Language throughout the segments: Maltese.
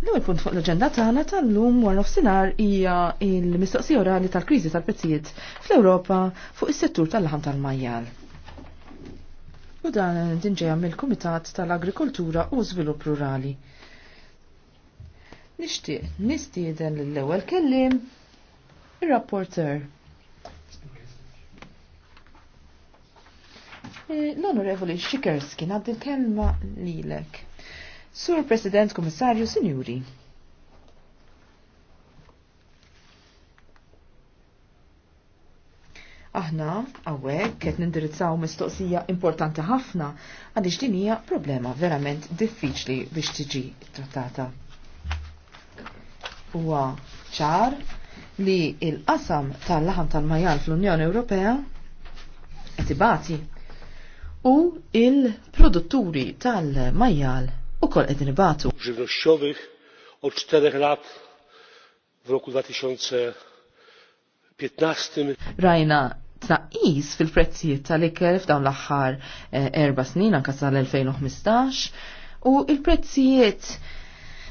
L-ewwel punt fuq l-aġenda tagħna tal-lum wara nofsinhar hija l-mistoqsija orali tal-kriżi tal-prezzijiet fl-Ewropa fuq is-settur tal-laħam tal-majjal. U dan din ġejja mill-Kumitat tal-Agrikoltura u Żvilupp Rurali. Nixtieq nistieden l-ewwel kellim ir-rapporter. Eh, L-Onorevoli Xikerski, naddi l-kelma lilek. Sur President Komissarju Sinjuri. Aħna, għawek, qed nindirizzaw mistoqsija importanti ħafna għaliex din hija problema verament diffiċli biex tiġi trattata. Huwa ċar li il-qasam tal-laħam tal majal fl-Unjoni Ewropea qed u il-produtturi tal majal u kol edin batu. Żywnościowych od 4 lat w roku 2015. Rajna tnaqis fil-prezzijiet tal-ikel f'dawn l-aħħar eh, erba snin anka sal-2015 u il-prezzijiet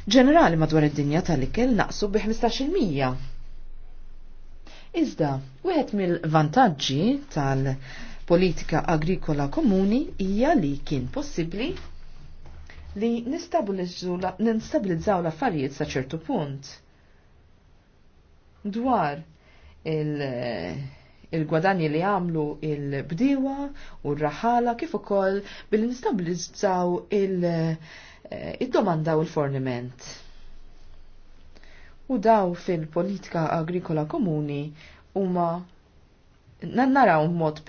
ġenerali madwar id-dinja tal-ikel naqsu bi 15%. Iżda, wieħed mill-vantaġġi tal-politika agrikola komuni hija li kien possibbli li nistabilizzaw l-affarijiet sa ċertu punt. Dwar il- il-gwadanji li għamlu il-bdiwa u r-raħala kif ukoll billi nistabilizzaw il-domanda eh, u l-forniment. U daw fil-politika agrikola komuni huma naraw mod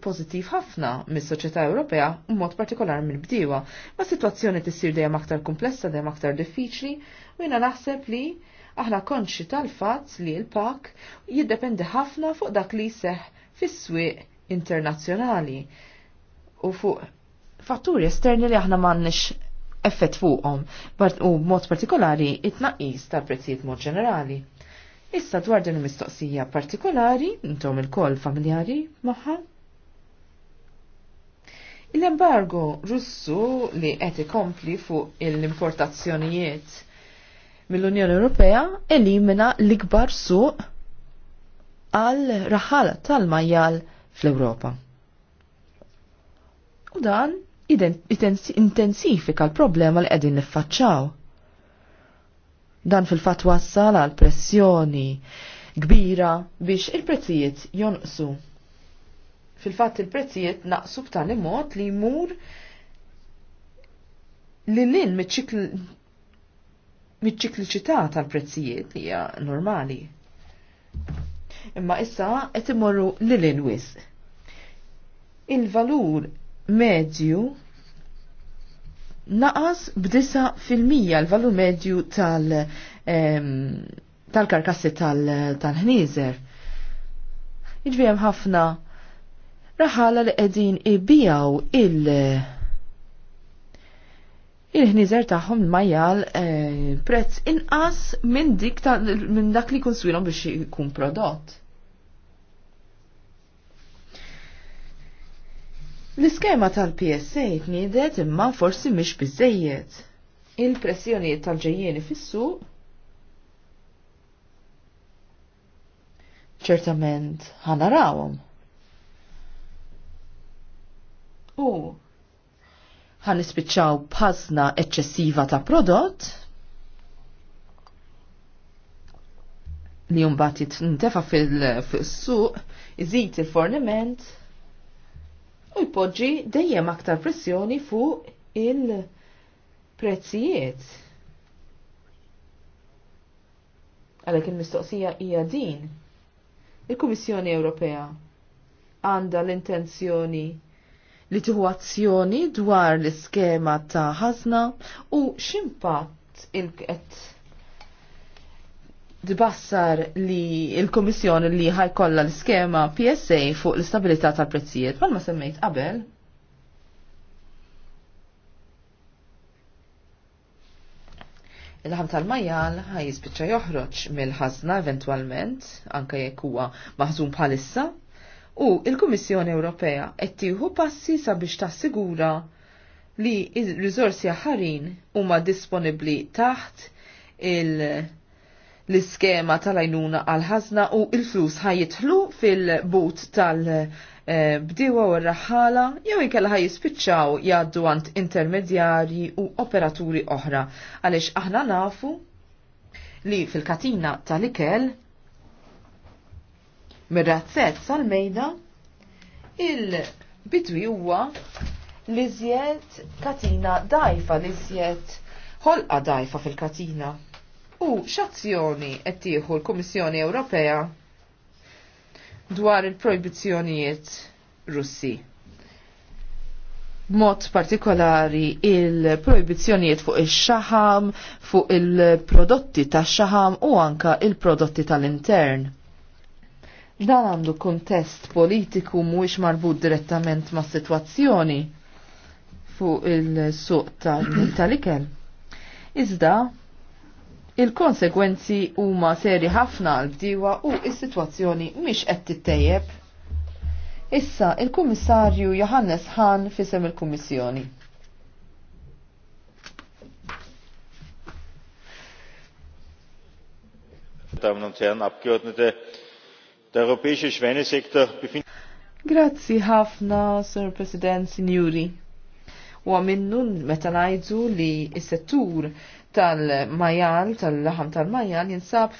pozittiv ħafna mis soċjetà Ewropea u mod partikolar mill-bdiewa, ma situazzjoni tissir dejjem aktar komplessa, dejjem aktar diffiċli, u jiena naħseb li aħna konxi tal-fatt li l-pak jiddependi ħafna fuq dak li seħ fis-swieq internazzjonali u fuq fatturi esterni li aħna m'għandniex effett fuqhom, u mod partikolari it-tnaqqis tal-prezzijiet mod ġenerali. Issa dwar din mistoqsija partikolari, intom il-koll familjari maħħa. Il-embargo russu li qed ikompli fuq l-importazzjonijiet mill-Unjoni Ewropea elimina l-ikbar suq għal raħal tal-majjal fl-Ewropa. U dan intensifika l-problema li qegħdin niffaċċaw Dan fil-fat wassal għal pressjoni kbira biex il-prezzijiet jonqsu. Fil-fat il-prezzijiet naqsu b'tali mod li jmur li l-in ċikliċità tal-prezzijiet li hija normali. Imma issa qed imorru lil inwis. Il-valur medju naqas b'disa fil-mija l valu medju tal- karkassi tal-ħnizer. Iġvijem ħafna raħala li qegħdin ibijaw il- il-ħnizer taħħom l-majjal eh, prezz inqas minn dik minn dak li kunswilom swilhom biex ikun prodott. L-iskema tal-PSA tniedet imma forsi mhix bizzejiet. Il-pressjonijiet tal-ġejjieni fis-suq ċertament ħanarawhom. U ħan ispiċċaw pasna eċċessiva ta' prodott li jumbat jitntefa fil-suq, iżid il-forniment, il forniment u jpoġġi dejjem aktar pressjoni fuq il-prezzijiet. Għalhekk il-mistoqsija hija din. Il-Kummissjoni Ewropea għandha l-intenzjoni li tieħu azzjoni dwar l-iskema ta' ħazna u x'impatt il-qed dibassar li il komission li ħajkolla l-skema PSA fuq l-istabilità tal-prezzijiet, palma semmejt qabel. Il-ħam tal-majjal ħajjispiċċa joħroġ mill-ħazna eventwalment, anke jekk huwa maħżum bħalissa, u il-Kummissjoni Ewropea qed tieħu passi sabiex tassigura li r-riżorsi ħarin huma disponibbli taħt il- l-iskema tal-għajnuna għal-ħazna u il-flus ħajitħlu fil-but tal-bdiwa u r-raħala jew inkella jispiċċaw jaddu għand intermedjarji u operaturi oħra għaliex aħna nafu li fil-katina tal-ikel mir-razzett sal-mejda il-bidwi huwa li zjed katina dajfa li zjed ħolqa dajfa fil-katina u x'azzjoni qed tieħu l-Kummissjoni Ewropea dwar il-projbizzjonijiet Russi. Mod partikolari il-projbizzjonijiet fuq ix-xaħam, fuq il-prodotti tax-xaħam u anka il-prodotti tal-intern. Dan għandu kontest politiku mhuwiex marbut direttament ma' situazzjoni fuq il-suq tal-ikel. Iżda, Il-konsegwenzi huma seri ħafna għal bdiwa u s-sitwazzjoni mhix qed tittejjeb. Issa il-Kummissarju Johannes Hahn fisem il-Kummissjoni. Grazzi ħafna, Sir President, Signori. U għaminnun meta najdu li s-settur tal-majal, tal-laħam tal-majal, jinsab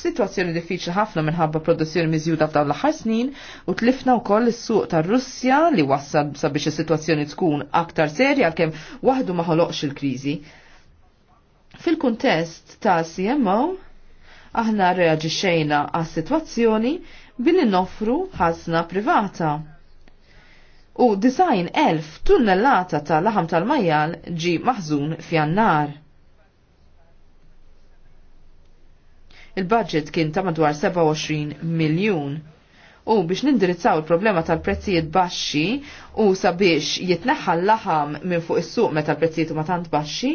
situazzjoni diffiċli ħafna minħabba produzzjoni miżjuda f'dawn l-aħħar snin u tlifna wkoll is-suq tar-Russja li wassal sabiex is-sitwazzjoni tkun aktar serja kemm waħdu ma ħoloqx il-kriżi. Fil-kuntest ta' CMO, aħna reaġixxejna għas-sitwazzjoni billi nofru ħazna privata u design elf tunnellata ta' laħam tal-majjal ġi maħżun fjannar. Il-budget kien ta' madwar 27 miljun. U biex nindirizzaw il-problema tal-prezzijiet baxxi u sabiex jitneħħal laħam minn fuq is-suq meta l-prezzijiet huma tant baxxi,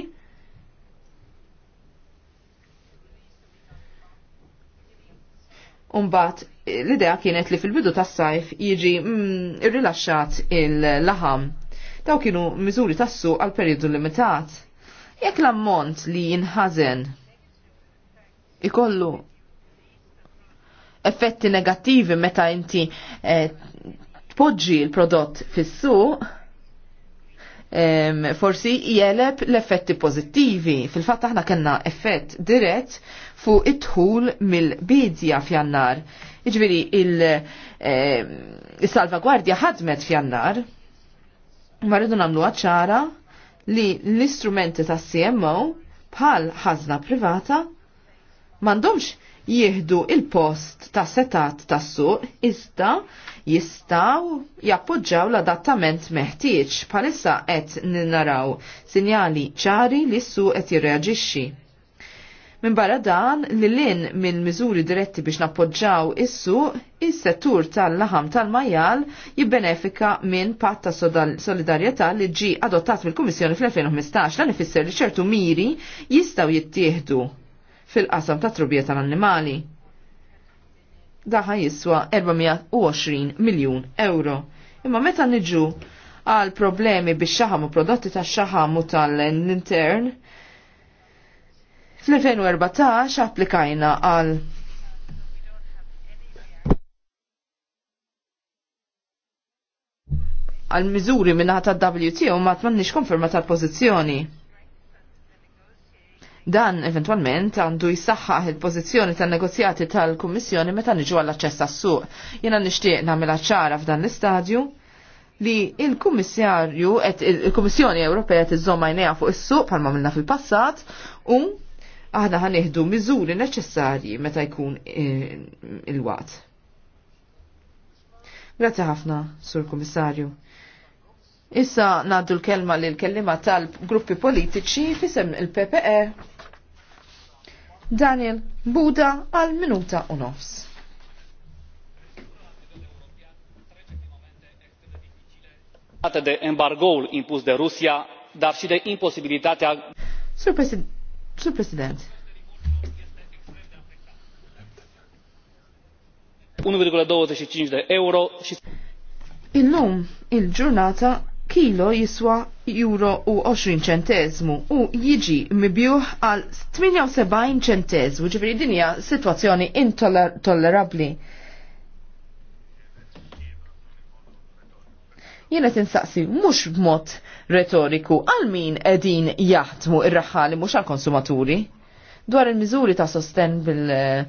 Umbat, l-idea kienet li fil-bidu tas sajf jiġi mm, rilaxxat il-laħam. Dawk kienu miżuri tas-suq għal periodu limitat. Jekk l-ammont li jinħazen ikollu effetti negattivi meta inti eh, tpoġġi l-prodott fis-suq, ehm, forsi jeleb l-effetti pozittivi. Fil-fatt aħna kellna effett dirett fuq it-tħul mill-bidja fjannar. Iġviri ehm, il-salvagwardja ħadmet fjannar. Ma rridu namlu ċara li l-istrumenti tas CMO bħal ħazna privata mandomx jihdu il-post ta' setat ta' suq iżda jistaw jappoġġaw l-adattament meħtieġ palissa qed ninaraw sinjali ċari li s-suq qed jirreaġixxi. Min barra dan li lin minn miżuri diretti biex nappoġġaw is-suq, is-settur tal-laħam tal-majjal jibbenefika minn patt ta' solidarjetà li ġi adottat mill-Kummissjoni fl-2015 dan ifisser li ċertu miri jistgħu jittieħdu fil-qasam ta' trubija tal-annimali. Daħa jiswa 420 miljon euro. Imma meta niġu għal problemi biex xaħam u prodotti ta' xaħam u tal-intern, fl-2014 applikajna għal għal miżuri minna ta' WTO ma tmannix konferma tal-pozizjoni. Dan eventualment għandu jisaxħaħ il-pozizjoni tan negozjati tal-Kummissjoni meta niġu għall-aċċess għas-suq. Jena nixtieq nagħmilha ċara f'dan l-istadju li il-Kummissarju il-Kummissjoni Ewropea tiżomma jnejha fuq is-suq palma minna fil-passat u aħna ħanieħdu miżuri neċessarji meta jkun e, il-waqt. Grazzi ħafna, Sur Kummissarju. Issa naddu l-kelma li l-kellima tal-gruppi politiċi fisem il-PPE Daniel Buda għal minuta u nofs. de embargo impus de Rusia, dar și de imposibilitatea... Sur, President, 1,25 de euro. il Illum il-ġurnata kilo jiswa euro u 20 ċentezmu u jiġi mibjuħ għal 78 ċentezmu ġifri dinja situazzjoni intollerabli. Jena tinsaqsi mux b'mod retoriku għal min edin jaħtmu ir-raħali mux għal konsumaturi dwar il-miżuri ta' sosten eh,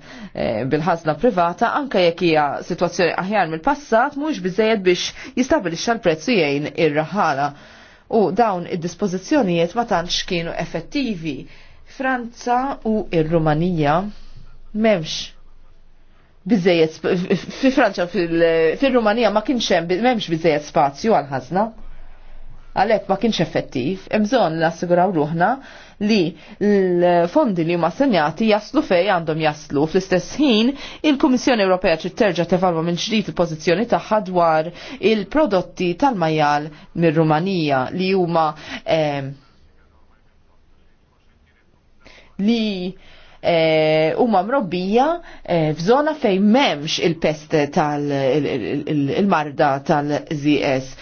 bil-ħazna privata anke jekk hija sitwazzjoni aħjar mill-passat mhux biżejjed biex jistabilixxa l prezzu jgħin ir-raħala. U dawn id-dispożizzjonijiet ma tantx kienu effettivi. Franza u ir-Rumanija m'hemmx bizzejet, fi Franċa, fil-Rumanija ma kienx hemm m'hemmx bizzejet spazju għal ħażna għalek ma kienx effettiv, imżon nassiguraw ruħna li l-fondi li huma senjati jaslu fej għandhom jaslu. Fl-istess ħin, il-Kummissjoni Ewropea ċi terġa' tevalwa minn ġdid il-pożizzjoni tagħha dwar il-prodotti tal-majjal mir-Rumanija li huma eh, li eh, huma e, mrobbija eh, f'żona fejn m'hemmx il-pest tal-marda tal-ZS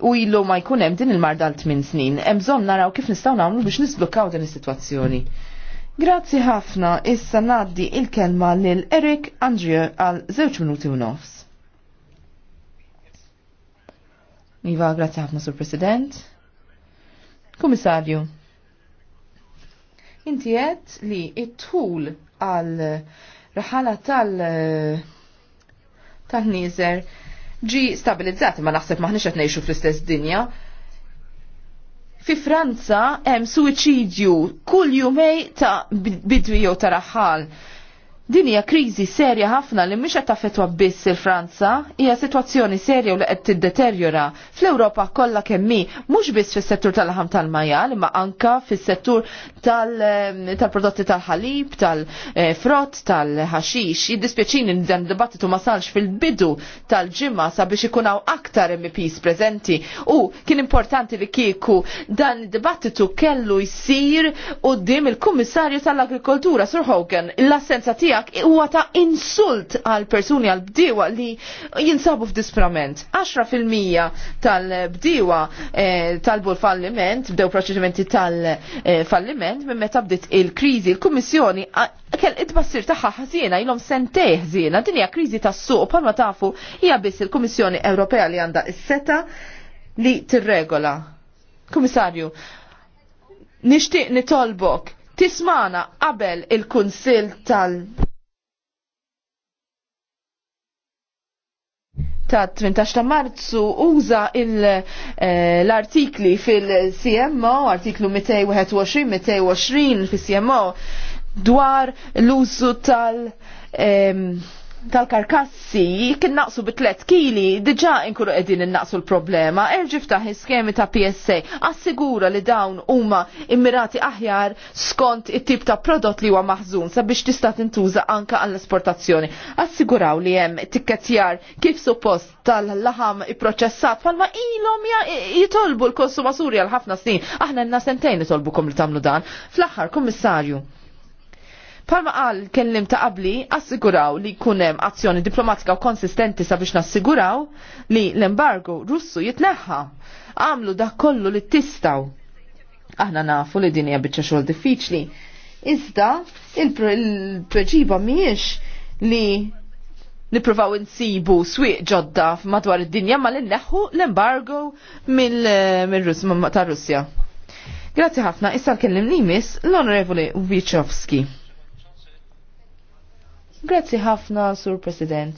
u ilu ma jkun hemm din il-marda l tmien snin. Hemm bżonn naraw kif nistgħu nagħmlu biex nisblukkaw din is-sitwazzjoni. Grazzi ħafna, issa naddi il-kelma lil Erik Andrew għal żewġ minuti u nofs. Iva, grazzi ħafna, Sur President. Komissarju, inti għed li it-tul għal raħala tal tal-nizer tal ġi stabilizzat, ma naħseb maħniex qed ngħixu fl-istess dinja. Fi Franza hemm suiċidju kull jumej ta' bidwi jew ta' raħal Din hija kriżi serja ħafna li mhix qed taffetwa biss il-Franza, hija sitwazzjoni serja u li qed tiddeterjora fl-Ewropa kollha kemm mhux biss fis-settur tal-ħam tal-majal, imma anka fis-settur eh, tal-prodotti tal-ħalib, tal-frott, tal-ħaxix. Jiddispjaċini li dan dibattitu ma salx fil-bidu tal-ġimgħa sabiex ikun hawn aktar MPs preżenti u kien importanti li kieku dan id-dibattitu kellu jsir quddiem il-Kummissarju tal-Agrikoltura Sur Hogan l-assenza tiegħek tiegħek huwa ta' insult għal persuni għal bdiewa li jinsabu f'disprament. 10% tal bdiwa tal eh, bul falliment bdew proċedimenti tal-falliment minn meta bdiet il-kriżi, il-Kummissjoni kell id-bassir tagħha ħazina, ilhom sentej ħżiena. Din hija kriżi tas-suq bħalma tafu hija biss il-Kummissjoni Ewropea li għandha s seta li tirregola. Kummissarju, nixtieq nitolbok tismana qabel il-Kunsil tal- ta' 18 ta' marzu uża eh, l-artikli fil-CMO, artiklu 221-220 fil-CMO dwar l-użu tal- tal-karkassi kien naqsu bi 3 kili, diġa inkunu qegħdin innaqsu l-problema, erġi ftaħ iskemi ta' PSA, assigura li dawn huma immirati aħjar skont it-tip ta' prodott li huwa maħżun sabiex tista' tintuża anka għall-esportazzjoni. Assiguraw li hemm tikketjar kif suppost tal-laħam ipproċessat palma ilhom jitolbu l-konsumaturi għal ħafna snin. Aħna nna sentejn itolbukom li tagħmlu dan. Fl-aħħar, Kummissarju, Palma qal kellim ta' qabli, assiguraw li kunem azzjoni diplomatika u konsistenti sabiex nassiguraw li l-embargo russu jitneħħa. Għamlu da' kollu li tistaw. Aħna nafu li dinja bieċa xogħol diffiċli. Iżda il-preġiba miex li niprofaw insibu swieq ġodda madwar id-dinja ma li neħu l-embargo mill-Russja. Grazzi ħafna, issa l-kellim nimis l-Onorevoli Wiczowski. Grazzi ħafna, Sur President.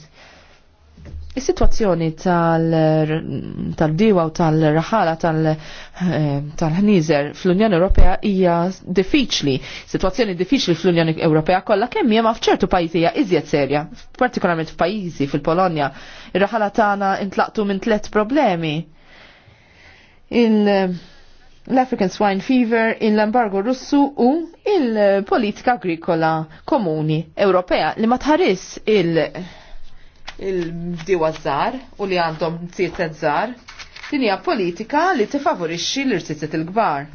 Is-sitwazzjoni tal-diwa u tal-raħala eh, tal-ħnizer fl-Unjoni Ewropea hija diffiċli. Sitwazzjoni diffiċli fl-Unjoni Ewropea kollha kemm hija ma f'ċertu pajjiżi hija iżjed serja, partikolarment f'pajjiżi fil-Polonja. Ir-raħala tagħna intlaqtu minn tliet problemi. Il- l-African Swine Fever, l-embargo russu u il-politika agrikola komuni Ewropea li ma tħaris il-bdiwa żgħar u li għandhom tzietet żgħar din hija politika li tifavorixxi l-irsitet il-kbar.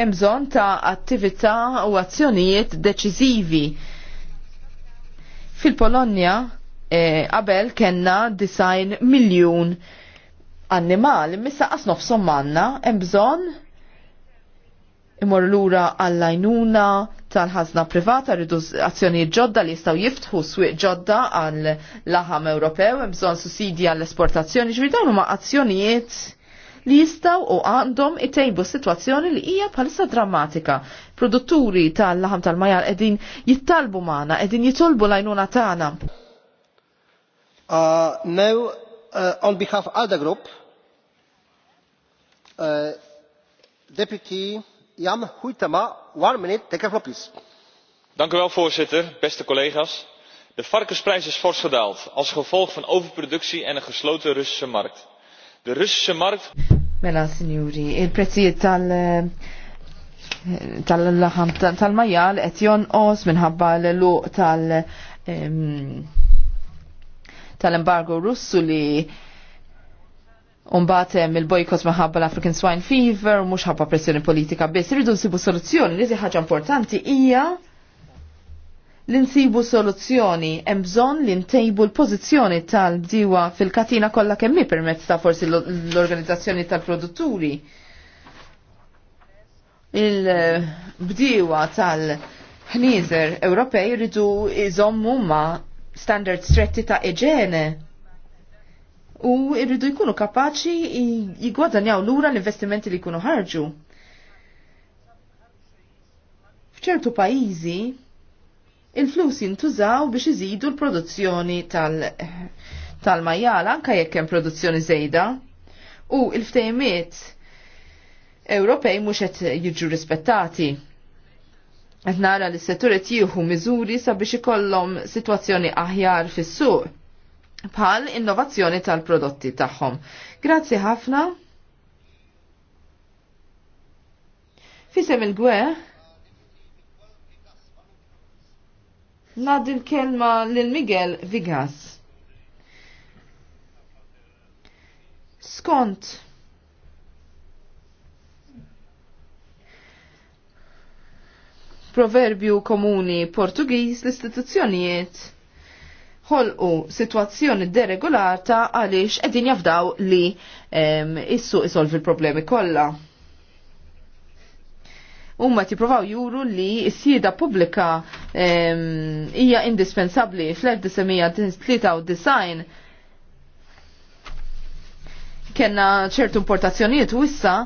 Hemm bżonn ta' attività u azzjonijiet deċiżivi. Fil-Polonja eh, qabel eh, kenna design miljun annimal, missa qas sommanna, manna, hemm bżonn ura lura għall tal-ħazna privata rridu azzjoni ġodda li jistaw jiftħu swiq ġodda għall laħam Ewropew, hemm bżonn għall-esportazzjoni, ġri dawn huma azzjonijiet li jistaw u għandhom itejbu situazzjoni li hija bħalissa drammatika. Produtturi tal-laħam tal-majal edin jittalbu maħna, edin jitolbu lajnuna tagħna. Uh, now on behalf of alde group uh, deputy jan huitema one minute take a floor please. dank u wel voorzitter beste collega's. de varkensprijs is fors gedaald als gevolg van overproductie en een gesloten russische markt. de russische markt. mela signori il prezzijiet tal tal-laħam tal-majjal qed jonqos minħabba l-luq tal tal-embargo russu li Umbatem il-bojkot maħabba l-African Swine Fever, mux ħabba pressjoni politika, biss rridu nsibu soluzzjoni, li ħaġa importanti hija li nsibu soluzzjoni hemm bżonn li ntejbu l-pożizzjoni tal bdiwa fil-katina kollha kemm permezz ta' forsi l-organizzazzjoni tal-produtturi. il bdiwa tal-ħnieżer Ewropej rridu iżommu ma' standard stretti ta' Eġene u irridu jkunu kapaċi jigwadanjaw lura l-investimenti li jkunu ħarġu. F'ċertu pajjiżi il-flus jintużaw biex iżidu l-produzzjoni tal-majjala tal anka jekk hemm produzzjoni żejda u l-ftejmiet Ewropej mhux qed jiġu rispettati qed nara li s setturi qed jieħu miżuri sabiex ikollhom sitwazzjoni aħjar fis-suq bħal innovazzjoni tal-prodotti tagħhom. Grazzi ħafna. Fisem il-gwe. Nad il-kelma lil Miguel Vigas. Skont Proverbju komuni Portugiż l-istituzzjonijiet ħolqu situazzjoni deregolata għaliex qegħdin jafdaw li issu isolvi l-problemi kollha. Umma provaw juru li s-sieda pubblika hija indispensabbli fl-1993 kena ċertu importazzjonijiet u issa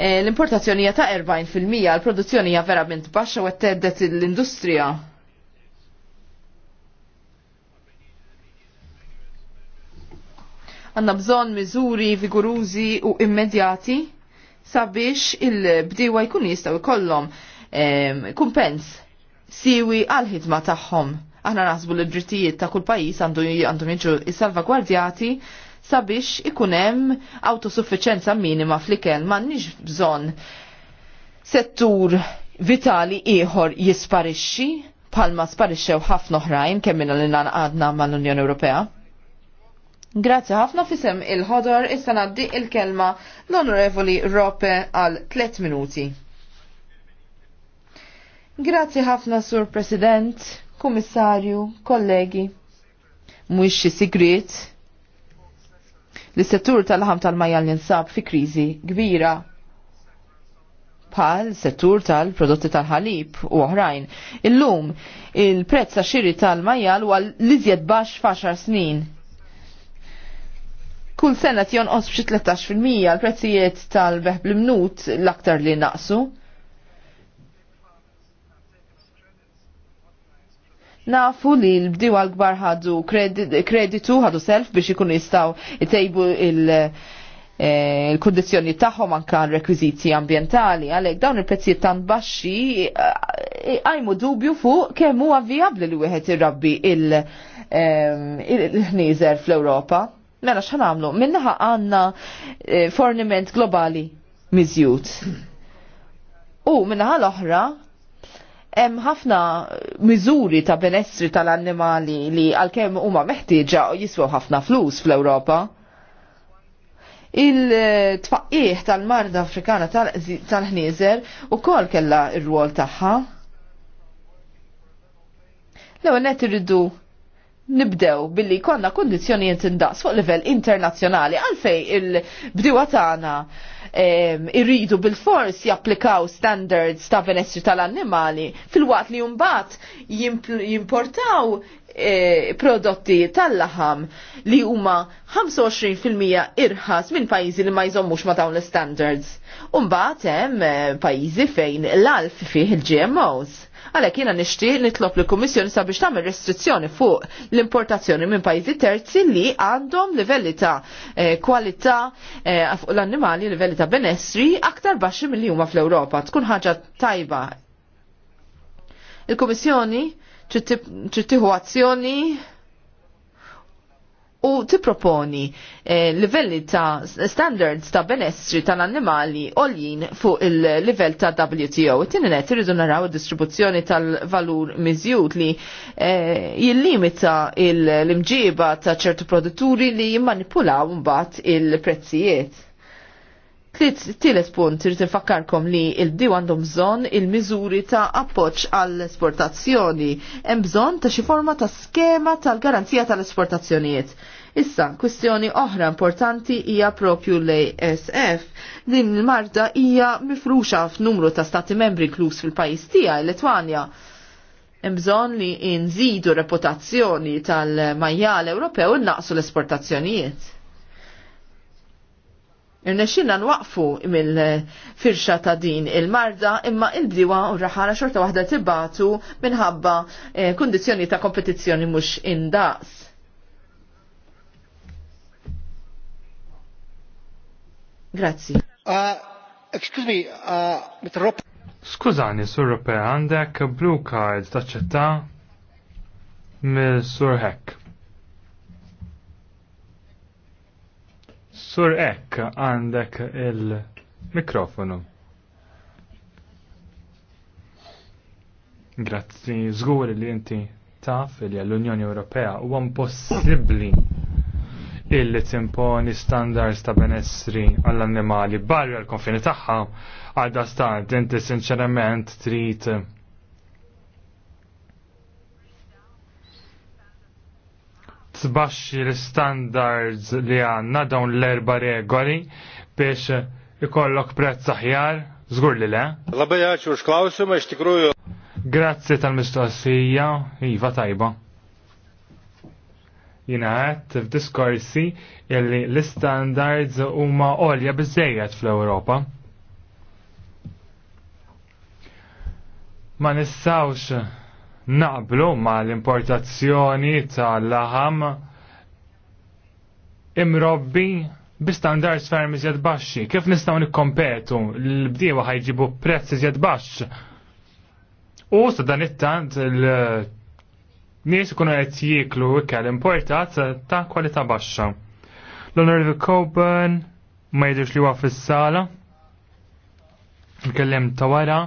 Eh, l-importazzjoni ta' 40%, l-produzzjoni hija verament baxxa u teddet l-industrija. Għanna bżon miżuri vigurużi u immedjati sabiex il-bdiewa jkun jistgħu jkollhom ehm, kumpens siwi għal-ħidma tagħhom aħna naħsbu l-drittijiet ta' kull pajis għandhom jiġu is-salvagwardjati sabiex ikunem autosuffiċenza minima fl-ikel ma nix bżon settur vitali ieħor jisparixxi palma sparixxew ħafna oħrajn kemm minna li għadna mal-Unjoni Ewropea. Grazzi ħafna fisem il-ħodor issa naddi il-kelma l-Onorevoli Rope għal 3 minuti. Grazzi ħafna Sur President, Kummissarju, kollegi. Mhuwiex xi li settur tal-ħam tal-majja li nsab fi kriżi kbira bħal settur tal-prodotti tal-ħalib u oħrajn. Illum il-prezz ta' xiri tal-majjal huwa l-iżjed baxx f'għaxar snin. Kull sena osb b'xi 13% l-prezzijiet tal-beħ bl-imnut l-aktar li naqsu. nafu li l-bdiwa għal gbar ħadu kreditu, ħadu self biex ikunu jistaw jtejbu il- eh, il-kondizjoni tagħhom anka rekwiziti ambientali, għalhekk dawn il-prezzijiet tan baxxi eh, eh, għajmu dubju fuq kemm huwa vijabbli li wieħed irrabbi il-ħnieżer fl-Ewropa. Mela x'ħan għamlu? Minnaħa għandna forniment globali miżjud. U minnaħa l-oħra hemm ħafna miżuri ta' benessri tal-annimali li għalkemm huma meħtieġa jiswew ħafna flus fl-Ewropa. Il-tfaqqih tal-marda Afrikana tal-ħnieżer u kol kella ir-rwol tagħha. L-ewwel irridu nibdew billi konna kondizjonijiet indaqs fuq livell internazzjonali għalfej il-bdiwa tagħna irridu bil-fors japplikaw standards ta' benessri tal-annimali fil-waqt li jumbat jimportaw e, prodotti tal-laħam li huma 25% irħas minn pajjiżi li ma jżommux ma dawn l-standards. Umbagħad hemm e, pajjiżi fejn l-alf fih il-GMOs Għalhekk jiena nixtieq nitlob lill kummissjoni sabiex tagħmel restrizzjoni fuq l-importazzjoni minn pajjiżi terzi li għandhom livelli ta' eh, kwalità eh, fuq l-annimali, livelli ta' benessri aktar baxxi milli huma fl europa Tkun ħaġa tajba. Il-Kummissjoni ċittiħu azzjoni u tipproponi eh, livelli ta' standards ta' benessri tal-annimali oljin fuq il-livell ta' WTO. Tinnet net irridu naraw distribuzzjoni tal-valur miżjut li eh, jillimita l-imġiba ta' ċertu produtturi li jimmanipulaw mbagħad il-prezzijiet. Tielet punt irid infakkarkom li il-diw għandhom bżonn il-miżuri ta' appoġġ għall-esportazzjoni. Hemm bżonn ta' xi forma ta' skema tal-garanzija tal-esportazzjonijiet. Issa, kwistjoni oħra importanti hija propju l-ASF Din il-marda hija mifruxa f'numru ta' stati membri klus fil-pajis tija, Letwanja. Hemm bżonn li nżidu reputazzjoni tal-majjal Ewropew u naqsu l-esportazzjonijiet. Irnexxina nwaqfu mill-firxa ta' din il-marda imma il-bdiwa u raħala xorta waħda tibatu minħabba eh, kondizjoni ta' kompetizzjoni mhux indaqs. Grazzi. Uh, excuse me, uh, Mr. Rop. Skużani, Sur Rope, għandek blue card taċċetta mill Sur Hek. Sur Ek għandek il-mikrofonu. Grazzi, zgur li inti taf li l-Unjoni Ewropea huwa impossibbli illi timponi standards ta' benessri għall-annimali barra l-konfini tagħha għadda stand stant inti sinċerament trid tbaxxi l-standards li għandna dawn l-erba regoli biex ikollok prezz aħjar, żgur li le. Labai għaxu xklawsu ma xtikrujju. Grazzi tal-mistoqsija, Iva tajba jinaħat f'diskorsi jelli l-standards huma għolja bizzejjed fl-Europa. Ma nistawx naqblu ma l-importazzjoni tal-laħam imrobbi bi standards ferm iżjed baxxi. Kif nistgħu nikkompetu l-bdiewa ħajġibu prezz iżjed baxx? U sa dan it-tant l nies ikunu qed jieklu ikel importat ta' kwalità baxxa. L-Honorable Coburn ma jidhirx li huwa fis-sala. Nkellem ta' wara.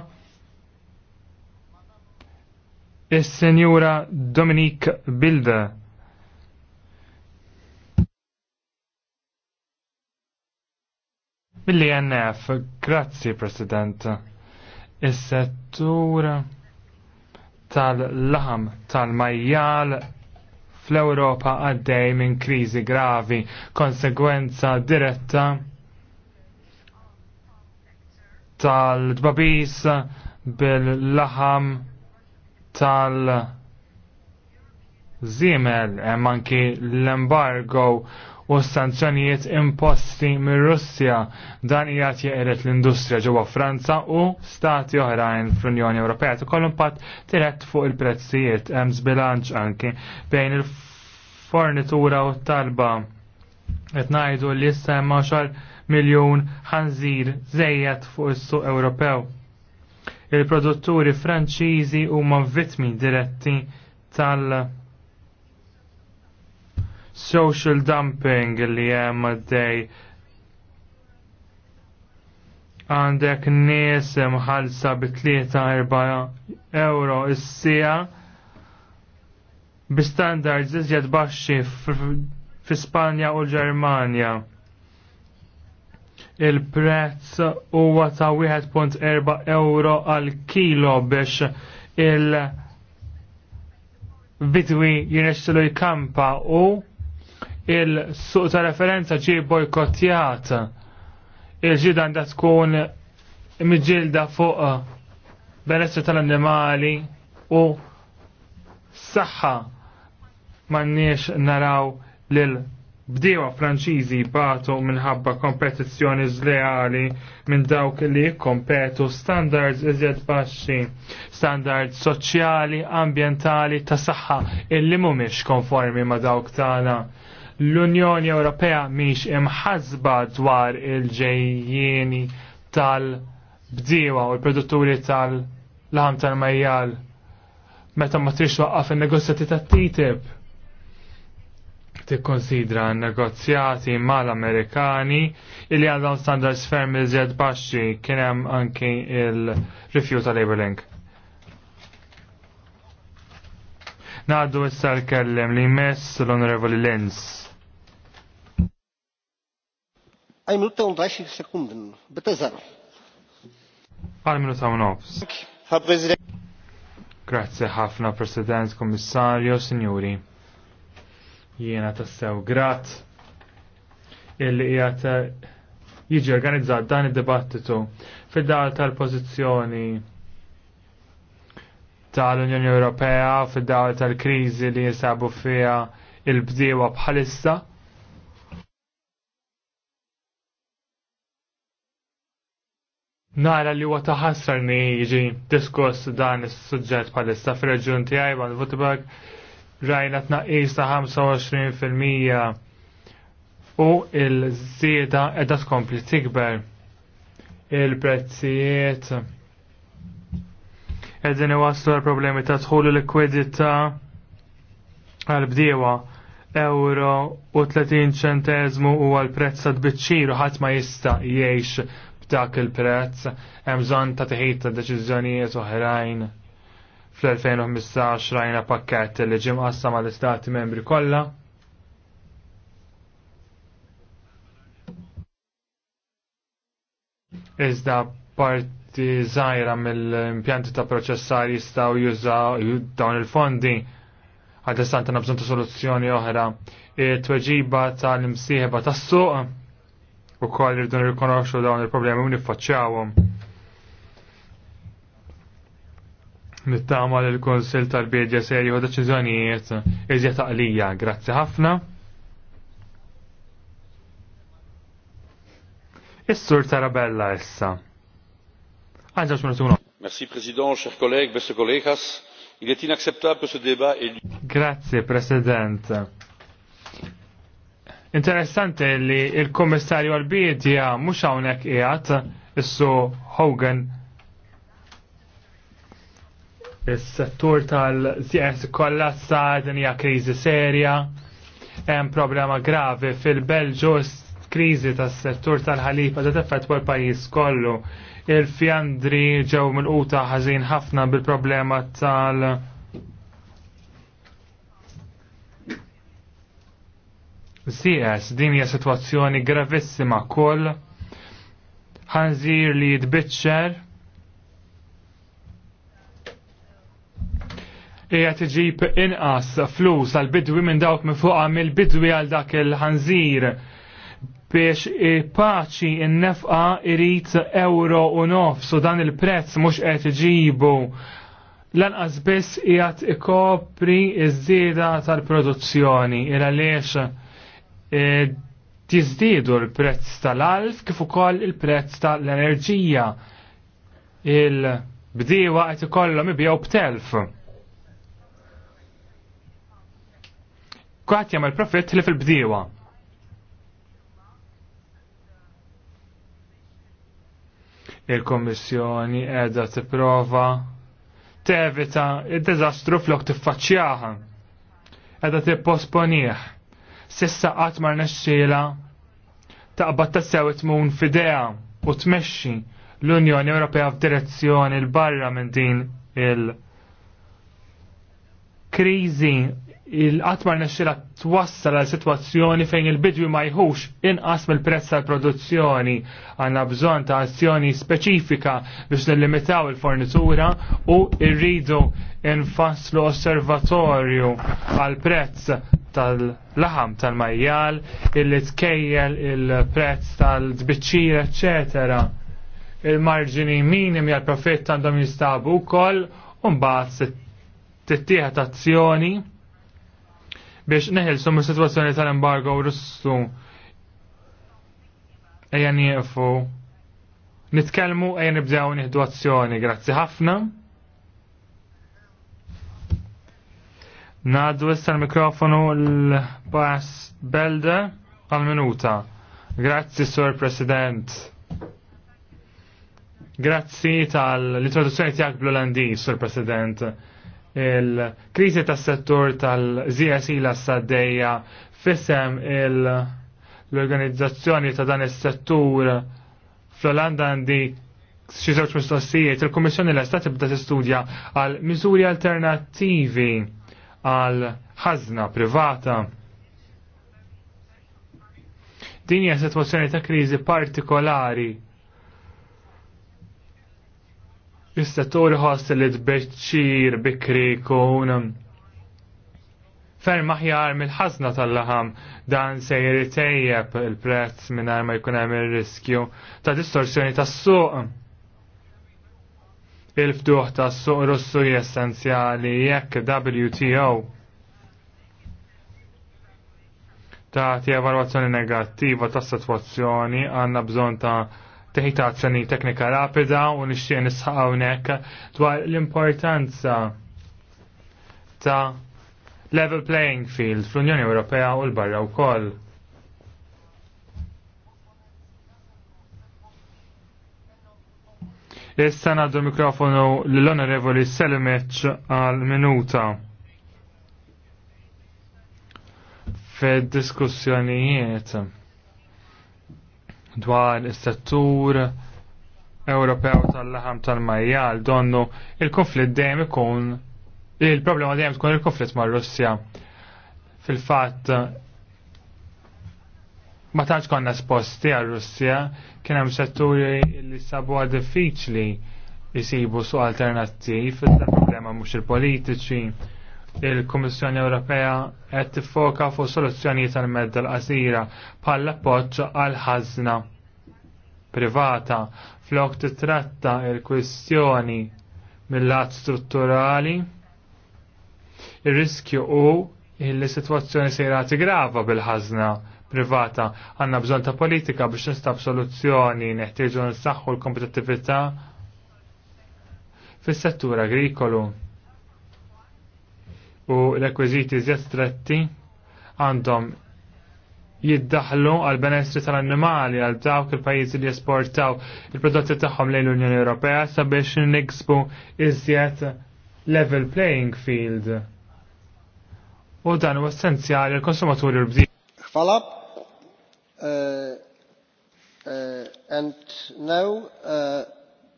Is-Senjura Dominique Bilde. Billi NF, grazzi President. is settura tal-laħam tal-majjal fl-Europa għaddej minn kriżi gravi, konsegwenza diretta tal-tbabis bil-laħam tal-zimel, hemm anki l-embargo u s-sanzjonijiet imposti mir russja dan jgħat jgħeret l-industrija ġewwa Franza u stati oħrajn fl-Unjoni Ewropea tkollhom pat tirett fuq il-prezzijiet hemm zbilanċ anki bejn il-fornitura u t-talba qed ngħidu li issa hemm 10 miljun ħanżir żejjed fuq is-suq Ewropew. Il-produtturi Franċiżi huma vittmi diretti tal- social dumping li hemm dej għandek nies mħalsa bi 3-4 euro s sija bi standards iżjed baxxi fi Spanja u Ġermanja. Il-prezz huwa ta' 1.4 euro għal kilo biex il- vidwi jirnexxilu jkampa u il-suq ta' referenza ġie bojkottijat il ġidan da tkun miġilda fuq benessri tal-annimali u saħħa m'għandniex naraw lil bdiewa Franċiżi batu minħabba kompetizzjoni zleali minn dawk li kompetu standards iżjed baxxi, standards soċjali, ambientali ta' saħħa illi mhumiex konformi ma' dawk tagħna. L-Unjoni Ewropea miex imħazba dwar il-ġejjieni tal-bdiewa u l-produtturi tal-laħam tal-majjal meta ma trix waqqaf il-negozjati ta' TTIP. Tikkonsidra negozjati mal-Amerikani illi għandhom standards ferm iżjed baxxi kien hemm anki il-rifju labeling. Naddu issa l-kellem li mess l-Onorevoli Lenz. Għaj minuta un sekundin, betezar. minuta un ofs. Grazie ħafna, President, Kommissarju, Signori. Jiena tassew grat illi jgħat jiġi organizzat dan id-dibattitu fid-dal tal-pozizjoni tal-Unjoni Ewropea fid-dal tal-krizi li jisabu fija il-bdiewa bħalissa Nara li huwa taħassarni jiġi diskuss dan is-suġġett bħalissa fir-reġjun tiegħi bħal Vutibag rajna tnaqqis ta' 25% u il zieda qiegħda tkompli tikber il-prezzijiet qegħdin iwasslu l problemi ta' dħul likwidità għal bdiewa euro u 30 ċentezmu u għal prezz ta' ħat ħadd ma jista' jgħix dak il-prezz hemm bżonn ta' teħid ta' deċiżjonijiet oħrajn fl-2015 rajna pakkett li ġim qassam mal-istati membri kollha. Iżda parti żgħira mill-impjanti ta' proċessar jistgħu jużaw dawn il-fondi għal-istant għandna bżonn ta' soluzzjoni oħra. It-tweġiba tal-imsieħba tas-suq u koll irridu nirrikonoxxu dawn il-problemi u nifacċawum. Nittama l konsil tal-bidja ser jieħu deċiżjonijiet iżjed taqlija. Grazzi ħafna. Is-Sur Tarabella issa. Għanġax minn Merci Président, chers collègues, beste collègues. Il est inacceptable que ce débat ait lieu. Grazie Presidente Interessanti li il-Kommissarju għal-Bidja mux hawnhekk iħat, issu Hogan is-settur tal-CS kollassa din hija kriżi serja, hemm problema gravi fil-Belġu kriżi tas-settur tal-ħalifa ta' teffettwa l-pajjiż kollu. Il-fjandri ġew mill ħażin ħafna bil-problema tal- -ħalipa, Zies, din hija sitwazzjoni gravissima koll ħanżir li jitbiċċer Ija tiġib inqas flus għal bidwi minn dawk minn fuqha mill-bidwi għal dak il-ħanżir biex paċi in-nefqa irid euro u nofs u dan il-prezz mhux qed iġibu lanqas biss qiegħed ikopri iż-żieda tal-produzzjoni il għaliex E, tiżdiedu l-prezz tal-alf kif ukoll il-prezz tal-enerġija. Il-bdiewa qed ikollhom ibjew b'telf. Kwaħt jagħmel profitt li fil-bdiewa. Il-Kommissjoni qiegħda tipprova tevita d-deżastru flok tiffaċċjaha. Qiegħda tipposponih sissa qatt mar nexxiela taqbad tassew tmun fidea u tmexxi l-Unjoni Ewropea f'direzzjoni l barra minn din il- kriżi il-qatmar nexxila twassal għal situazzjoni fejn il-bidwi ma jħux inqas mill-prezz tal-produzzjoni. Għanna bżon ta' azzjoni speċifika biex nillimitaw il-fornitura u irridu infaslu osservatorju għal prezz tal-laħam tal-majjal, illi tkejjel il-prezz tal-dbiċċira, eccetera. Il-marġini minimi għal profitt għandhom jistabu u un-baħt tittieħed azzjoni biex neħilsu mis situazzjoni tal-embargo russu ejja nieqfu nitkellmu ejja nibdew nieħdu azzjoni. Grazzi ħafna. Nadu issa l-mikrofonu l-Bas Belda għal-minuta. Grazzi, Sur President. Grazzi tal-introduzzjoni tijak bl-Olandi, Sur President il-krizi tas settur tal-ZSI s-saddeja fissem l-organizzazzjoni ta' dan is-settur fl-Olanda għandi xi żewġ mistoqsijiet, il-Kummissjoni l-Estat tibda tistudja għal miżuri alternattivi għal ħazna privata. Din hija ta' kriżi partikolari Is-settur ħass li tbeċċir bikri kun ferm aħjar mill-ħazna tal-laħam dan se jiritejjeb il-prezz mingħajr ma jkun hemm ir-riskju ta' distorsjoni tas-suq. il ftuħ tas-suq Russu hija essenzjali jekk WTO ta' evalwazzjoni negattiva tas-sitwazzjoni għandna bżonn ta' teħita azzjoni teknika rapida u nixtieq nisħaq hawnhekk dwar l-importanza ta' level playing field fl-Unjoni Ewropea u l-barra wkoll. Issa naddu mikrofonu l-Onorevoli Selimic għal minuta. Fed diskussjonijiet dwar is-settur Ewropew tal-laħam tal-majjal donnu il-konflitt dejjem ikun il-problema dejjem tkun il-konflitt mar russja Fil-fatt ma tantx konna esposti għal Russja kien hemm setturi li sabu għad diffiċli jsibu su alternattiv, fil problema mhux il-politiċi, il-Kommissjoni Ewropea qed tiffoka fuq soluzzjoni tal-medda l-qasira bħal appoġġ għal ħażna privata flok titratta il-kwistjoni mill-lat strutturali ir-riskju u il-situazzjoni sejra grava bil-ħażna privata għanna bżon ta' politika biex nistab soluzzjoni neħtieġu nsaħħu l-kompetittività fis-settur agrikolu u rekwiziti iżjed stretti għandhom jiddaħlu għal benessri tal-annimali għal dawk il-pajjiżi li jesportaw il-prodotti tagħhom lejn l-Unjoni Ewropea sabiex niksbu iżjed level playing field. U dan huwa essenzjali l-konsumaturi l-bdil. Uh, uh, and now uh,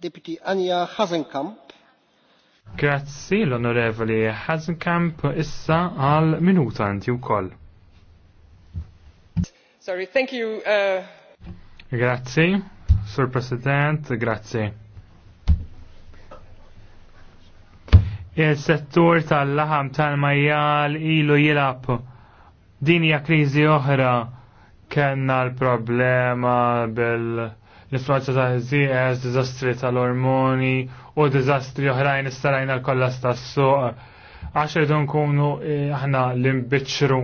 Deputy Anja Hazenkamp Grazzi l-onorevoli Hazenkamp issa għal minuta anti u koll. Sorry, thank you. Uh... Grazzi, Sur President, grazzi. Il-settur tal-laħam tal-majjal ilu jilab din hija kriżi oħra kenna l-problema bil- l-influenza ta' ZS, dizastri tal-ormoni u dizastri oħrajn istarajna l kolla tas-suq. Għax irridu nkunu eh, aħna l-imbiċċru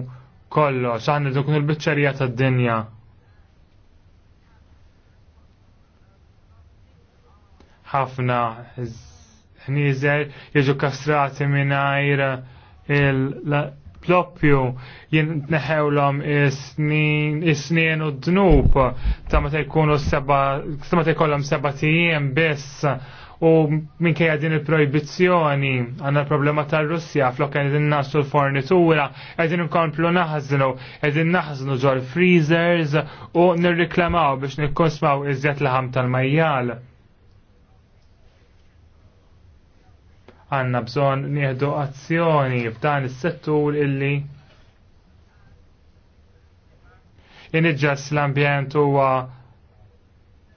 kollox, aħna dun kunu l-biċċerija tad-dinja. ħafna ħnieżer jiġu kastrati mingħajr il ploppju jintneħewlom is-snien u d-dnub ta' ma jkunu seba' ma jkollhom seba' tijiem biss u minkejja din il-projbizzjoni għandna l-problema tar-Russja flok din nasu l-fornitura, qegħdin inkomplu naħżnu, qegħdin naħżnu ġol freezers u nirriklamaw biex nikkonsmaw iżjed laħam tal-majjal. għanna bżon nieħdu azzjoni f'dan is-settur illi inġas l-ambjent huwa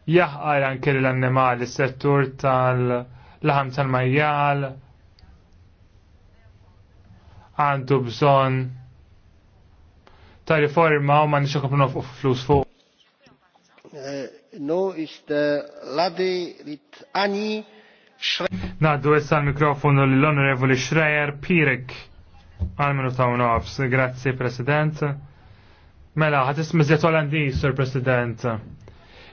jaħqar anke l-annimali settur tal-laħam tal-majjal għandu bżon ta' riforma u ma nix ikopnu flus fuq. Eh, no, ist Ladi Rit Ani Naddu issa l-mikrofonu l-Onorevoli Schreier Pirik. Għalmenu minu ta' nofs. Grazzi, President. Mela, ħat ismi zjet Olandi, Sir President.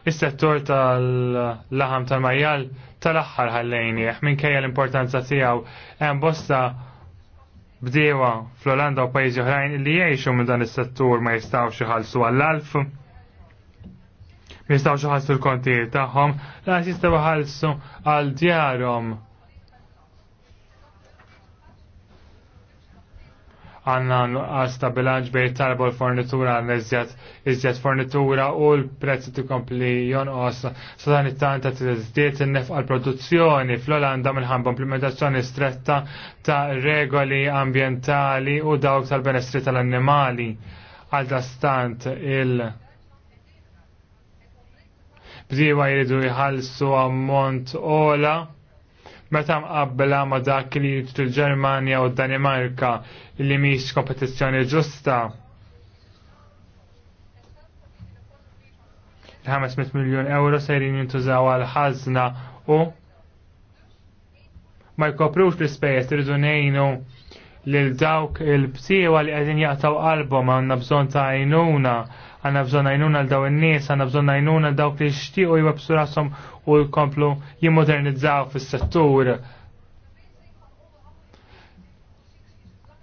Is-settur tal-laħam tal-majjal tal-axħar ħallejni, minn kajja l-importanza tijaw, għem bosta bdewa fl-Olanda u pajjiżi oħrajn li jiexu minn dan is-settur ma jistgħux iħallsu għall-alf. Ma jistgħux l-kontijiet tagħhom, laqas jistgħu ħallsu għal djarhom għanna nuqqas ta' bilanċ bej talba l-fornitura għanna iżjed fornitura u l-prezz tikompli jonqos sa' dan it-tant t-izdiet n-nef l-produzzjoni fl-Olanda minħabba implementazzjoni stretta ta' regoli ambientali u dawk tal-benestri tal-annimali għal stant il- Bdiewa jridu jħallsu ammont ola Meta mqabbela ma dak li l-Ġermanja u d-Danimarka li mhix kompetizzjoni ġusta. il-500 miljon euro sejrin jintużaw għal ħazna u ma jkoprux l-ispejjeż irridu ngħinu lil dawk il-bsiewa li qegħdin jaqtaw qalbhom għandna bżonn ta' għajnuna għanna bżon għajnuna l-daw n-nis, għanna bżon għajnuna għal dawk li xtiqu jwebsu rasom u jkomplu jimmodernizzaw fis-settur.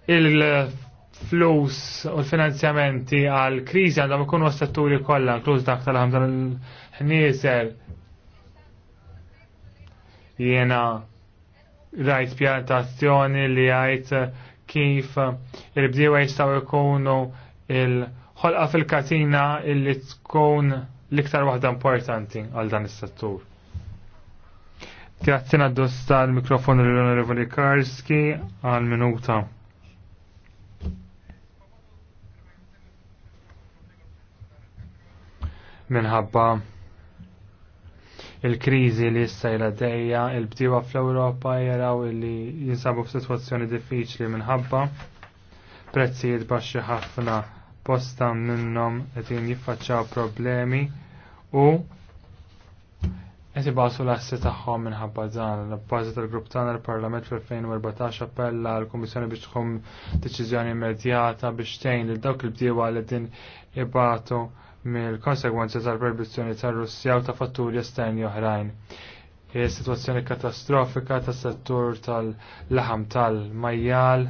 Il-flus u l-finanzjamenti għal-krizi għandhom ikunu s-setturi kollha, inkluż dak tal ħam tal ħnieser Jena rajt pjantazzjoni li għajt kif il-bdiewa jistaw ikunu il-, -il ħolqa fil-katina illi tkun l-iktar waħda importanti għal dan is-settur. Grazzi għaddu l-mikrofonu l-Onorevoli Karski għal minuta. Minħabba il-krizi li jissa jla dejja, il-bdiwa fl-Europa jaraw li jinsabu f-situazzjoni diffiċli minħabba prezzijiet baxxi ħafna bosta minnom qegħdin jiffaċċaw problemi u Qed ibasu l-assi tagħhom minħabba dan. L-bażi tal-grupp tagħna l-Parlament fil 2014 appella l-Kummissjoni biex tħum deċiżjoni immedjata biex tgħin lil dawk il-bdiewa li din ibatu mill-konsegwenzi tal-proibizzjoni tar-Russja u ta' fatturi esterni oħrajn. Is-sitwazzjoni katastrofika tas-settur tal-laħam tal-majjal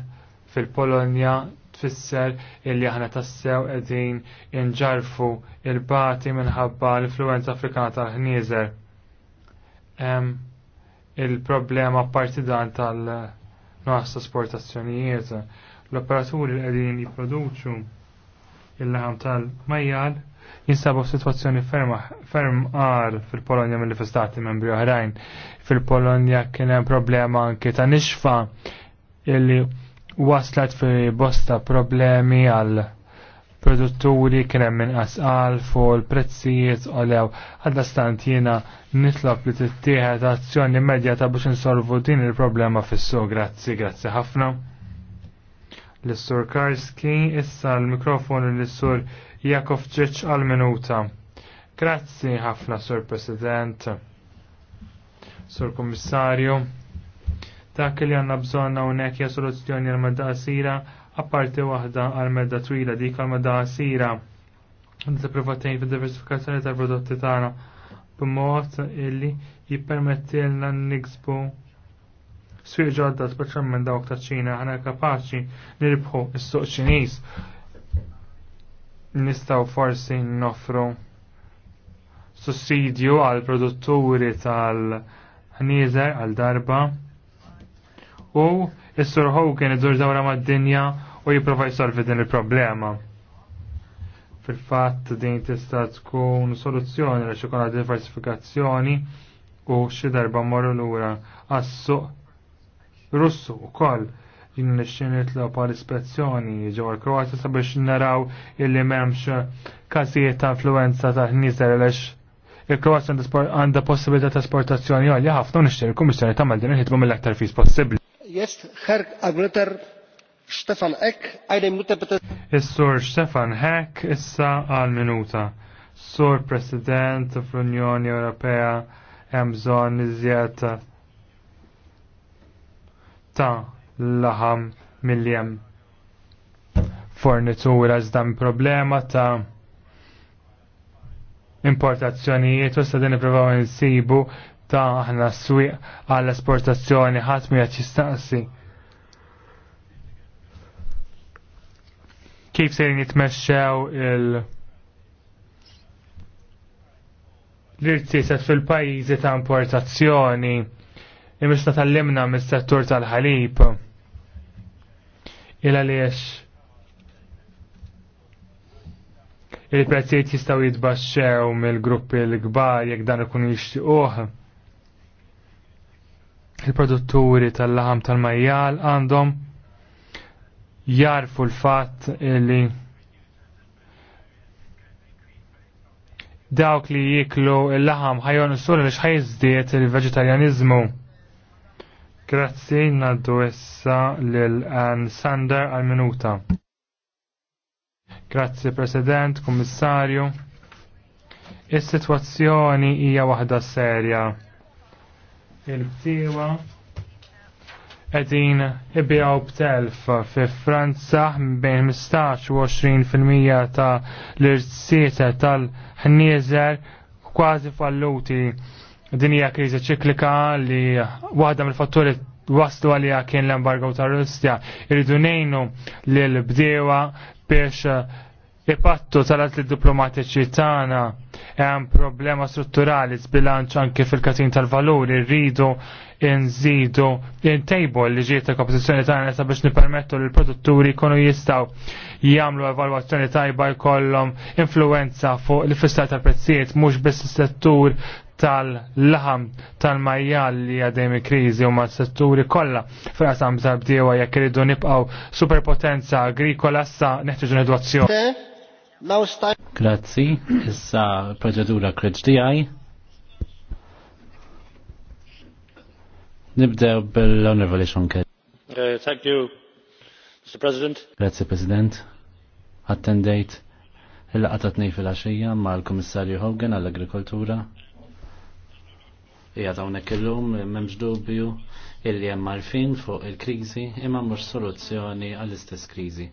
fil-Polonja tfisser illi aħna tassew qegħdin inġarfu il-bati minħabba l-influenza Afrikana tal-ħnieżer. Il-problema partidan tal-nuqqas sportazzjonijiet. l-operaturi li qegħdin jipproduċu il-laħam tal-majjal jinsabu situazzjoni ferm għar fil-Polonja mill fistati membri oħrajn. Fil-Polonja kien hemm problema anke ta' nixfa illi waslet fi bosta problemi għal produtturi kien hemm inqas qalf l-prezzijiet u lew. stant jena nitlob li tittieħed azzjoni immedjata biex insolvu din il-problema fis su Grazzi, grazzi ħafna. L-Sur Karski, issa l-mikrofonu l-Sur Jakov Ġeċ għal-minuta. Grazzi ħafna, Sur President, Sur Kommissarju. Dak li għanna bżonna unek ja soluzzjoni għal medda għasira, apparti waħda għal medda twila dik għal medda għasira, Għandha privatejn fid-diversifikazzjoni tal-prodotti tagħna b'mod illi jippermettilna niksbu sfir ġodda speċjalment dawk ta' Ċina ħana kapaċi nirbħu s-suq Ċiniż. Nistgħu forsi noffru sussidju għal produtturi tal-ħnieżer għal darba u s-Sur Hogan iżur dawra mad-dinja u jipprova jsolvi din il-problema. Fil-fatt din tista' tkun soluzzjoni li xikun diversifikazzjoni u xi darba morru lura għas-suq Russu wkoll jien nixxin nitlaw pal ispezzjoni ġewwa l-Kroatja sabiex naraw illi m'hemmx każijiet ta' influenza ta' ħnieżer għaliex il-Kroatja għandha possibilità ta' esportazzjoni għalja ħafna nixtieq il-Kummissjoni tagħmel din il mill-aktar fis possibbli. Is-sur Stefan Heck issa għal minuta. Sur President fl-Unjoni Ewropea hemm bżonn iżjed ta' laħam milli fornitura żdan problema ta' importazzjonijiet u din nippruvaw insibu ta' aħna s-swiq għall-esportazzjoni ħatmi għat jistaqsi. Kif se jitmexxew il- l-irtiset fil-pajizi ta' importazzjoni imiex tal-limna mis-settur tal-ħalib. Ila liex il-prezzijiet jistaw jitbaxxew mill-gruppi l gbar jekk dan ikun jixtiquħ il-produtturi tal-laħam tal-majjal għandhom jarfu l-fat li dawk li jiklu l-laħam ħajon s-sur li xħajizdiet il-vegetarianizmu. Grazzi naddu issa l-Ann Sander għal-minuta. Grazzi President, Kommissarju. Is-sitwazzjoni hija waħda serja il-btiewa qegħdin ibjaw b'telf fi Franza bejn 15 u 20% ta' l-irsieta tal-ħnieżer kważi falluti din hija kriżi ċiklika li waħda mill-fatturi waslu għalija kien l-embargo ta' Russja. Irridu nejnu l bdiewa biex I-pattu tal-atli diplomatiċi tagħna hemm problema strutturali zbilanċ anki fil-katin tal-valuri rridu nżidu intejbu li ġiet il tana tagħna sabiex nippermettu li l-produtturi jkunu jistgħu jagħmlu evalwazzjoni tajba jkollhom influenza fuq l-fissar tal-prezzijiet mhux biss is-settur tal-laħam tal-majjal li għadem krizi u mal setturi kolla fil-qasam tal-bdiewa jekk iridu nibqgħu superpotenza agrikola sa' neħtiġu edwazzjoni. Grazzi, issa proċedura kreġ DI. Nibdew bil-Honorable Xonke. Uh, thank you, Mr. President. Grazzi, President. Attendejt il-laqatatni fil-axija ma' l-Komissarju Hogan għall-Agrikoltura. Ija dawnek il-lum, memx dubju, illi marfin fuq il-krizi imma mux soluzzjoni għall-istess krizi.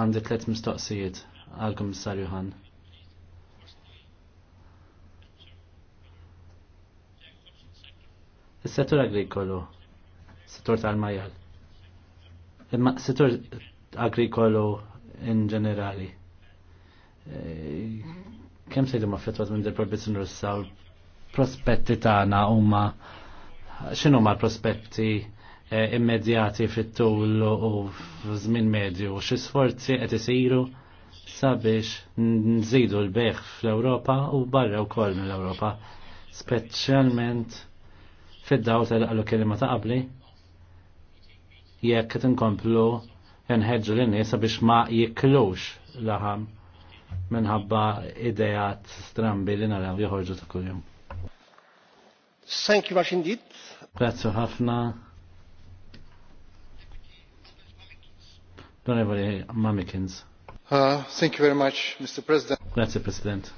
Għandi tlet mistoqsijiet għal komissar Johan. Is-settur agrikolu, settur tal-majjal. Imma settur agrikolu in ġenerali. E, Kemm se jdu affettwat minn dil-probizzin russa prospetti tagħna huma x'inhuma l-prospetti Eh, immedjati fit-tul u f'żmien medju. Xi sforzi qed isiru sabiex nżidu l-beħ fl-Ewropa u barra wkoll mill-Ewropa, speċjalment fid-daw tal-qalu kelima ta' qabli jekk qed inkomplu nħeġġu lin-nies sabiex ma jiklux laħam minħabba idejat strambi li naraw joħorġu ta' kuljum. Thank you much indeed. Hafna. ħafna. L-Onorevoli Mamikins. Uh, thank you very much, Mr. President. Grazie, President.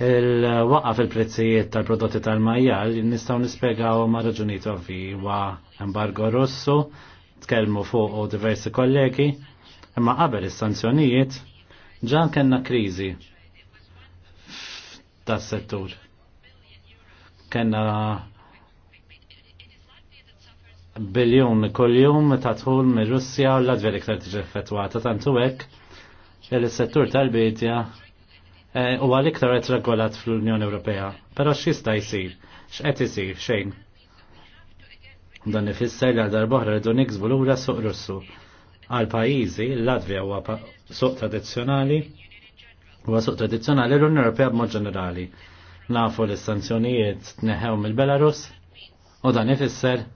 Il-waqqa uh, fil-prezzijiet tal-prodotti tal-majjal nistaw nispiegaw ma' raġunijiet ovvi wa embargo rossu, tkellmu fuq u diversi kollegi, imma qabel is-sanzjonijiet ġan kellna kriżi tas settur. Kenna biljun kuljum ta' tħul mir russja u l-Latvija li ktar tiġi effettwata tantu hekk il-settur tal-bidja eh, u għal iktar qed regolat fl-Unjoni Ewropea. Però x'jista' jsir? X'qed isir xejn? Dan ifisser li għal darb'oħra rridu niksbu lura suq Russu. Għal pajjiżi l-Latvija huwa suq tradizzjonali huwa suq tradizzjonali l-Unjoni Ewropea b'mod ġenerali. Nafu l-istanzjonijiet tneħew mill-Belarus u dan ifisser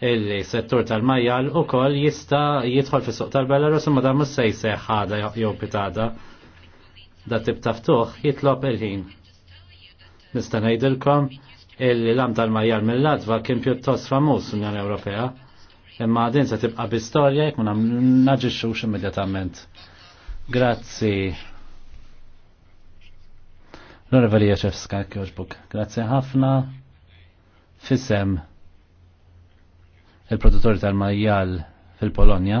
il-settur tal-majjal u koll jista jidħol fis suq tal-Belarus u madam se seħħada ħada jew pitada. Da tib taftuħ jitlob il-ħin. Nista' ngħidilkom il-lam tal-majjal mill-Latva kien pjuttost famuż l unjoni Ewropea. Imma din se tibqa' bistorja jekk ma naġixxux immedjatament. Grazzi. L-Onorevoli Jaċevska, kjoġbuk. Grazzi ħafna. Fisem il-produttori tal-majjal fil-Polonja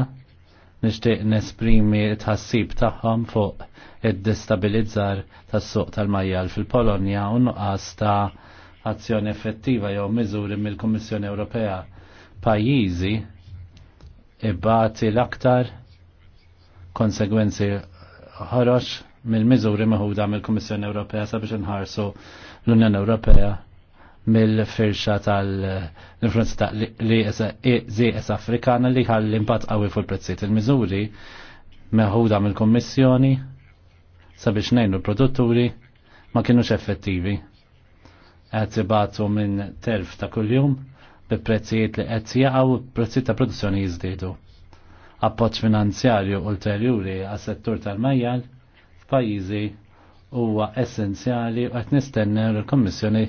nixtieq nesprimi tħassib tagħhom fuq id-destabilizzar tas-suq tal-majjal fil-Polonja u nuqqas ta' azzjoni effettiva jew miżuri mill-Kummissjoni Ewropea pajjiżi ibbati l-aktar konsegwenzi ħorox mill-miżuri meħuda mill-Kummissjoni Ewropea sabiex inħarsu l-Unjoni Ewropea mill-firxa tal-influenza ta' l-ZS Afrikana li l impatt qawwi fuq il-prezzijiet. Il-miżuri meħuda mill-Kommissjoni sabiex nejnu l-produtturi ma kienux effettivi. Qed ibatu minn terf ta' kuljum bi prezzijiet li qed jaqgħu prezzijiet ta' produzzjoni jiżdiedu. Appoġġ finanzjarju ulterjuri għas-settur tal-majjal f'pajjiżi huwa essenzjali u qed nistennew il-Kommissjoni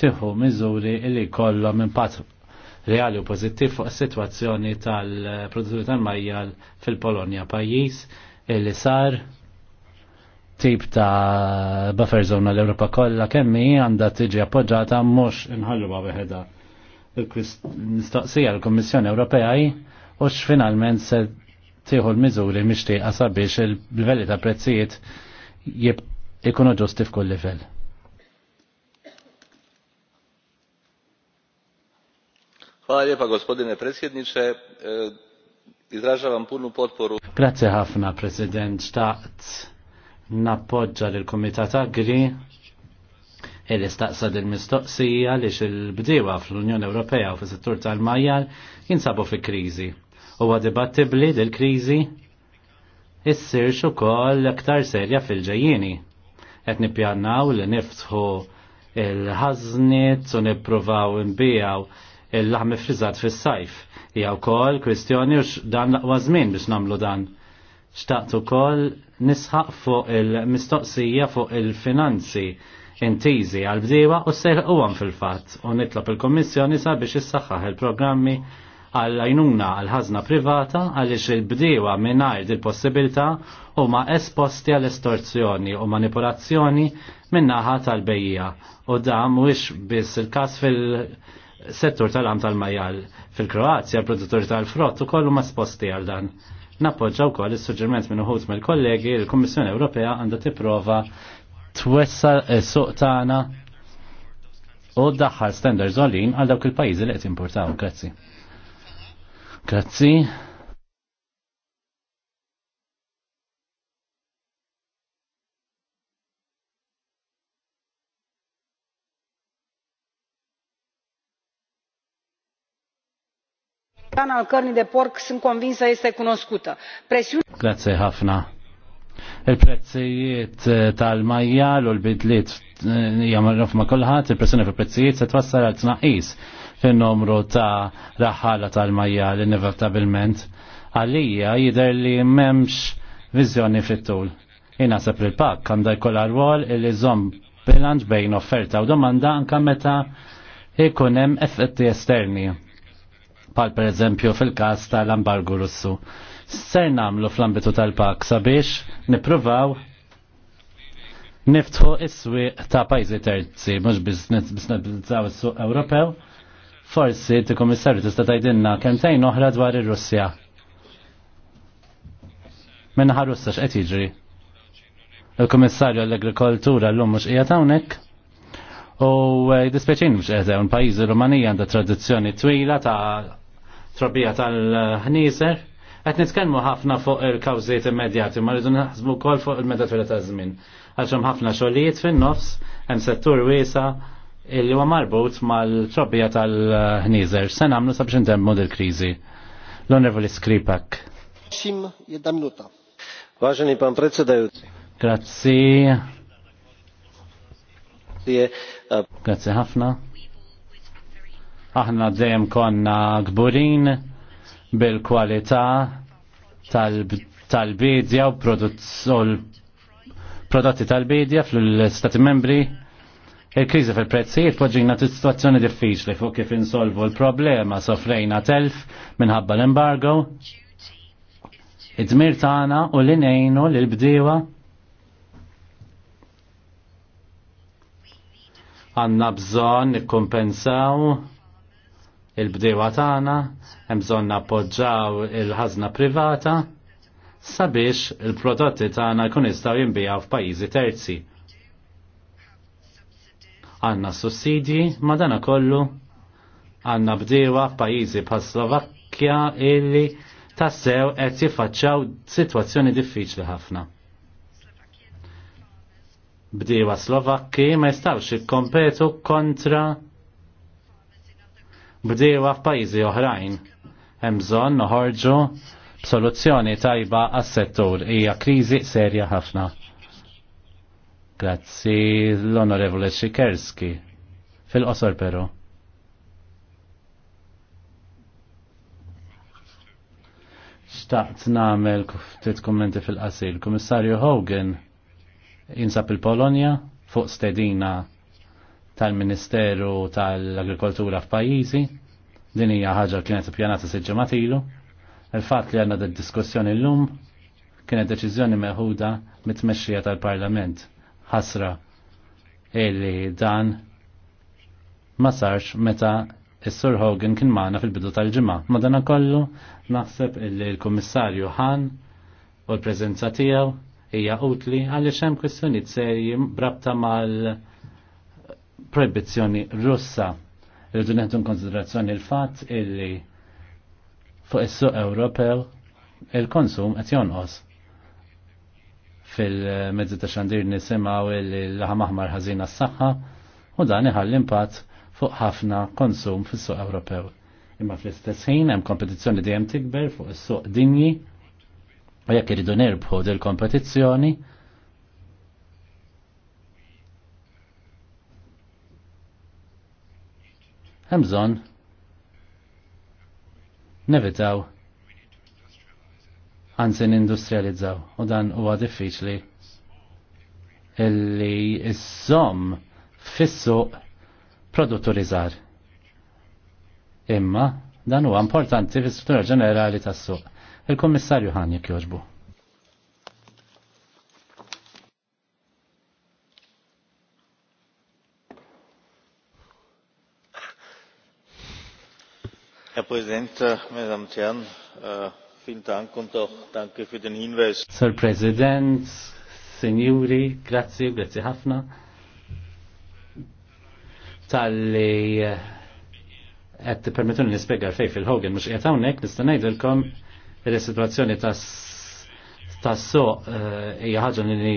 tieħu miżuri li kollhom impatt reali u pożittiv fuq is-sitwazzjoni tal produzzjoni tal-majjal fil-Polonja pajjiż illi sar tip ta' buffer zone l-Europa kollha kemmi għandha tiġi appoġġata mhux inħalluha weħeda. l mistoqsija l-Kummissjoni Ewropea hi u x'finalment se tieħu l-miżuri mixtieqa sabiex il-livelli ta' prezzijiet ikunu ġusti f'kull livell. E, potporu. grazie ħafna president xtaqt nappoġġa l kumitat agri illi staqsad il-mistoqsija li il-bdiewa fl-Unjoni Ewropea u fis-settur tal-majjar jinsabu fi kriżi. Huwa dibattibli dil kriżi issirx ukoll aktar serja fil ġejjini Qed nippjannaw li niftħu il-ħażniet u nippruvaw imbijaw il-laħmi frizzat fis-sajf. Hija wkoll kwestjoni u dan laqwa żmien biex nagħmlu dan. Xtaqt ukoll nisħaq fuq il-mistoqsija fuq il-finanzi intizi għal-bdiewa u serħuhom fil-fatt u nitlob il-Kommissjoni sabiex issaħħaħ il-programmi għall għajnuna għal ħażna privata għaliex il-bdiewa mingħajr il-possibilità huma esposti għal estorzjoni u manipolazzjoni minnaħa tal-bejja u da mhuwiex biss il-każ fil- settur tal għam tal-majjal fil-Kroazja, produttori tal-frott u kollu ma sposti għal dan. Nappoġġaw kol is-suġġerment minn uħut mill-kollegi l-Kummissjoni Ewropea għandha tipprova twessa eh, suq tagħna u daħħal standards għalin għal dawk il-pajjiżi li qed importaw. Grazzi. Grazzi. Tana al cărnii de porc sunt convinsă este cunoscută. Grazie, Hafna. Il-prezzijiet eh, tal-majjal u l-bidliet eh, jamarruf f'ma kolħat, il-pressjoni fil-prezzijiet se twassal għal tnaqis fin-numru ta' raħala tal-majjal inevitabilment. Għalija jider li memx viżjoni fit-tul. Jina sepp il-pak għandha jkollha rwol li żomm bilanċ bejn offerta u domanda anka meta ikun hemm effetti esterni pal per eżempju fil-kas tal-ambargu russu. Ser namlu fl-ambitu tal-pak sabiex nipruvaw niftħu iswi ta' pajzi terzi, mux biznizzaw is-suq Ewropew, forsi ti komissarju tista' tgħidilna tajn oħra dwar ir-Russja. Minnaħa Russa x'qed jiġri? Il-Kummissarju għall-Agrikoltura llum mhux qiegħed hawnhekk. U eh, dispjaċin mhux qiegħed hawn pajjiżi Rumanija għandha tradizzjoni twila ta' trabija tal-ħnieżer, Għet nitkellmu ħafna fuq il-kawżiet immedjati, ma rridu naħsbu kol fuq il-medda twila ta' żmien. Għalxem ħafna xogħlijiet fin-nofs, hemm settur wiesa illi huwa marbut mal-trobbija tal-ħnieżer. Se nagħmlu sabiex intemmu dil-kriżi. L-Onorevoli Skripak. Xim jedda minuta. Vaġeni pan predsedajuzi. Grazzi. Grazzi ħafna. Aħna dejjem konna gburin bil-kwalità tal-bidja u prodotti tal-bidja fl-Stati membri. Il-kriżi fil-prezzijiet poġġina t-situazzjoni diffiċli fuq kif insolvu l-problema sofrejna telf minħabba l-embargo. Id-dmir tagħna u li ngħinu lil bdiewa għanna bżon nikkompensaw il-bdewa tagħna hemm bżonn appoġġaw il-ħażna privata sabiex il-prodotti tagħna jkun jistgħu jinbijaw f'pajjiżi terzi. Għandna sussidji ma dana kollu għandna bdewa f'pajjiżi bħal Slovakkja illi tassew qed jiffaċċaw sitwazzjoni diffiċli ħafna. Bdiewa Slovakki ma jistawx jikkompetu kontra bdiewa f'pajjiżi oħrajn. Hemm bżonn noħorġu b'soluzzjoni tajba għas-settur hija kriżi serja ħafna. Grazzi l-Onorevole Sikerski. Fil-qosor però. Xtaqt namel ftit kommenti fil-qasil. Kummissarju Hogan jinsab il-Polonja fuq stedina tal-Ministeru tal-Agrikoltura f'pajjiżi, din hija ħaġa li kienet ippjanata sitt ġimgħa ilu. Il-fatt li għandna d-diskussjoni llum kienet deċiżjoni meħuda mit-tmexxija tal-Parlament ħasra illi dan ma sarx meta Is-Sur Hogan kien magħna fil-bidu tal-ġimgħa. Madankollu naħseb illi l-Kummissarju Han u l-preżenza tiegħu hija utli għaliex hemm kwistjonijiet serji brabta mal- proibizzjoni russa. Rridu neħdu konsiderazzjoni l-fatt illi fuq is-suq Ewropew il-konsum qed jonqos fil-mezzi ta' xandir nisimaw l laħam aħmar ħażina s-saħħa u dan iħall impatt fuq ħafna konsum fis-suq Ewropew. Imma fl-istess ħin hemm kompetizzjoni dejjem tikber fuq is-suq dinji u jekk iridu nerbħu dil kompetizzjoni hemm bżonn nevitaw anzi nindustrializzaw u dan huwa diffiċli illi s-som fissuq produtturizar. Imma dan huwa importanti fis-struttura ġenerali tas-suq. Il-Kummissarju ħan jekk joġbu. Präsident, meine Damen äh, vielen Dank und auch danke für den Hinweis. Sir President, Signori, grazie, grazie ħafna. Talli, li eh, għed permetun nispiega fej fil-Hogan, mux għed għawnek, nistanajdilkom il-situazzjoni tas so eh, hija ħaġa li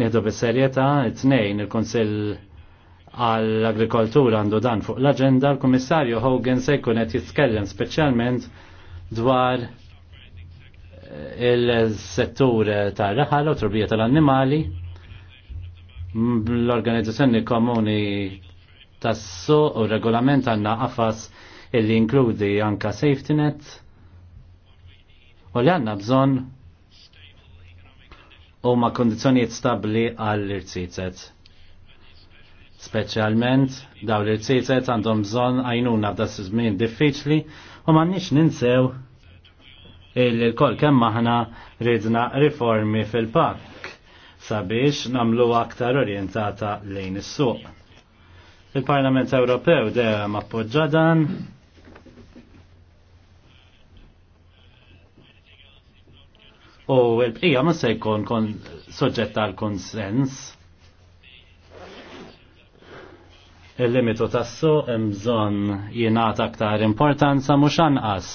nħedu bis serjeta it nejn il konsil għall-agrikoltura għandu dan fuq l-agenda, l-Komissarju Hogan se jkun qed jitkellem speċjalment dwar eh, il-settur tar raħal u turbija tal-annimali l-organizzazzjoni komuni tas-su u regolament għanna għafas illi inkludi anka safety net u li għanna bżon u ma kondizjoniet stabli għall-irtsitet Speċjalment dawn li tsiset għandhom bżonn għajnuna f'das żmien diffiċli u m'għandniex ninsew il-kol kemm aħna ridna riformi fil-pakk sabiex namlu aktar orjentata lejn is-suq. Il-Parlament Ewropew dejjem appoġġa dan U l-bqija ma se jkun kon soġġett għal konsens. il-limitu tassu imżon jingħata aktar importanza mhux anqas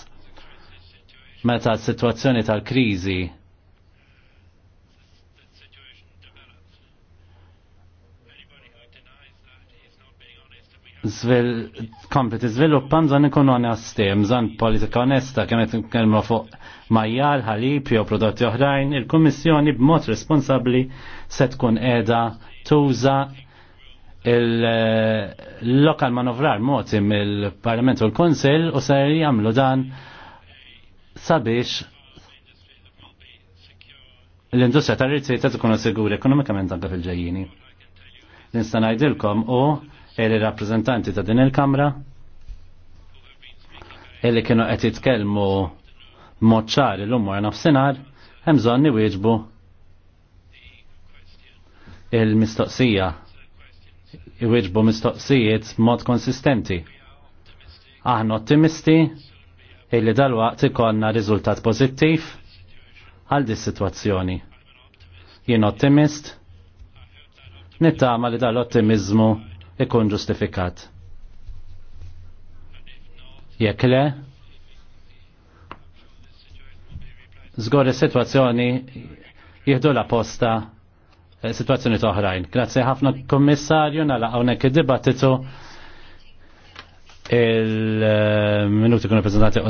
meta s-sitwazzjoni tal-kriżi kompli t-izviluppa mżan ikun onesti, mżan politika onesta, qed kelma fuq majjar, ħalib, jew prodotti oħrajn, il-Kummissjoni b'mod responsabli se tkun qiegħda tuża il-lokal manovrar moti il parlament u l-Konsil u ser jagħmlu dan sabiex l-industrija tar-rizzita tkun siguri ekonomikament anke fil-ġejjini. Nista' ngħidilkom u il-rappreżentanti ta' din il-Kamra illi kienu qed jitkellmu moċċar l-lum wara nafsinhar hemm bżonn niwieġbu il-mistoqsija iwieġbu mistoqsijiet mod konsistenti. Aħna ottimisti illi dal-waqt ikonna riżultat pozittiv għal dis situazzjoni. Jien ottimist, nittama li dal-ottimizmu ikun ġustifikat. Jekk le, zgur is-sitwazzjoni jieħdu la posta Eh, situazzjoni toħrajn. Grazie ħafna kommissarju, nala għonek id-dibattitu il-minuti eh, kunu prezentati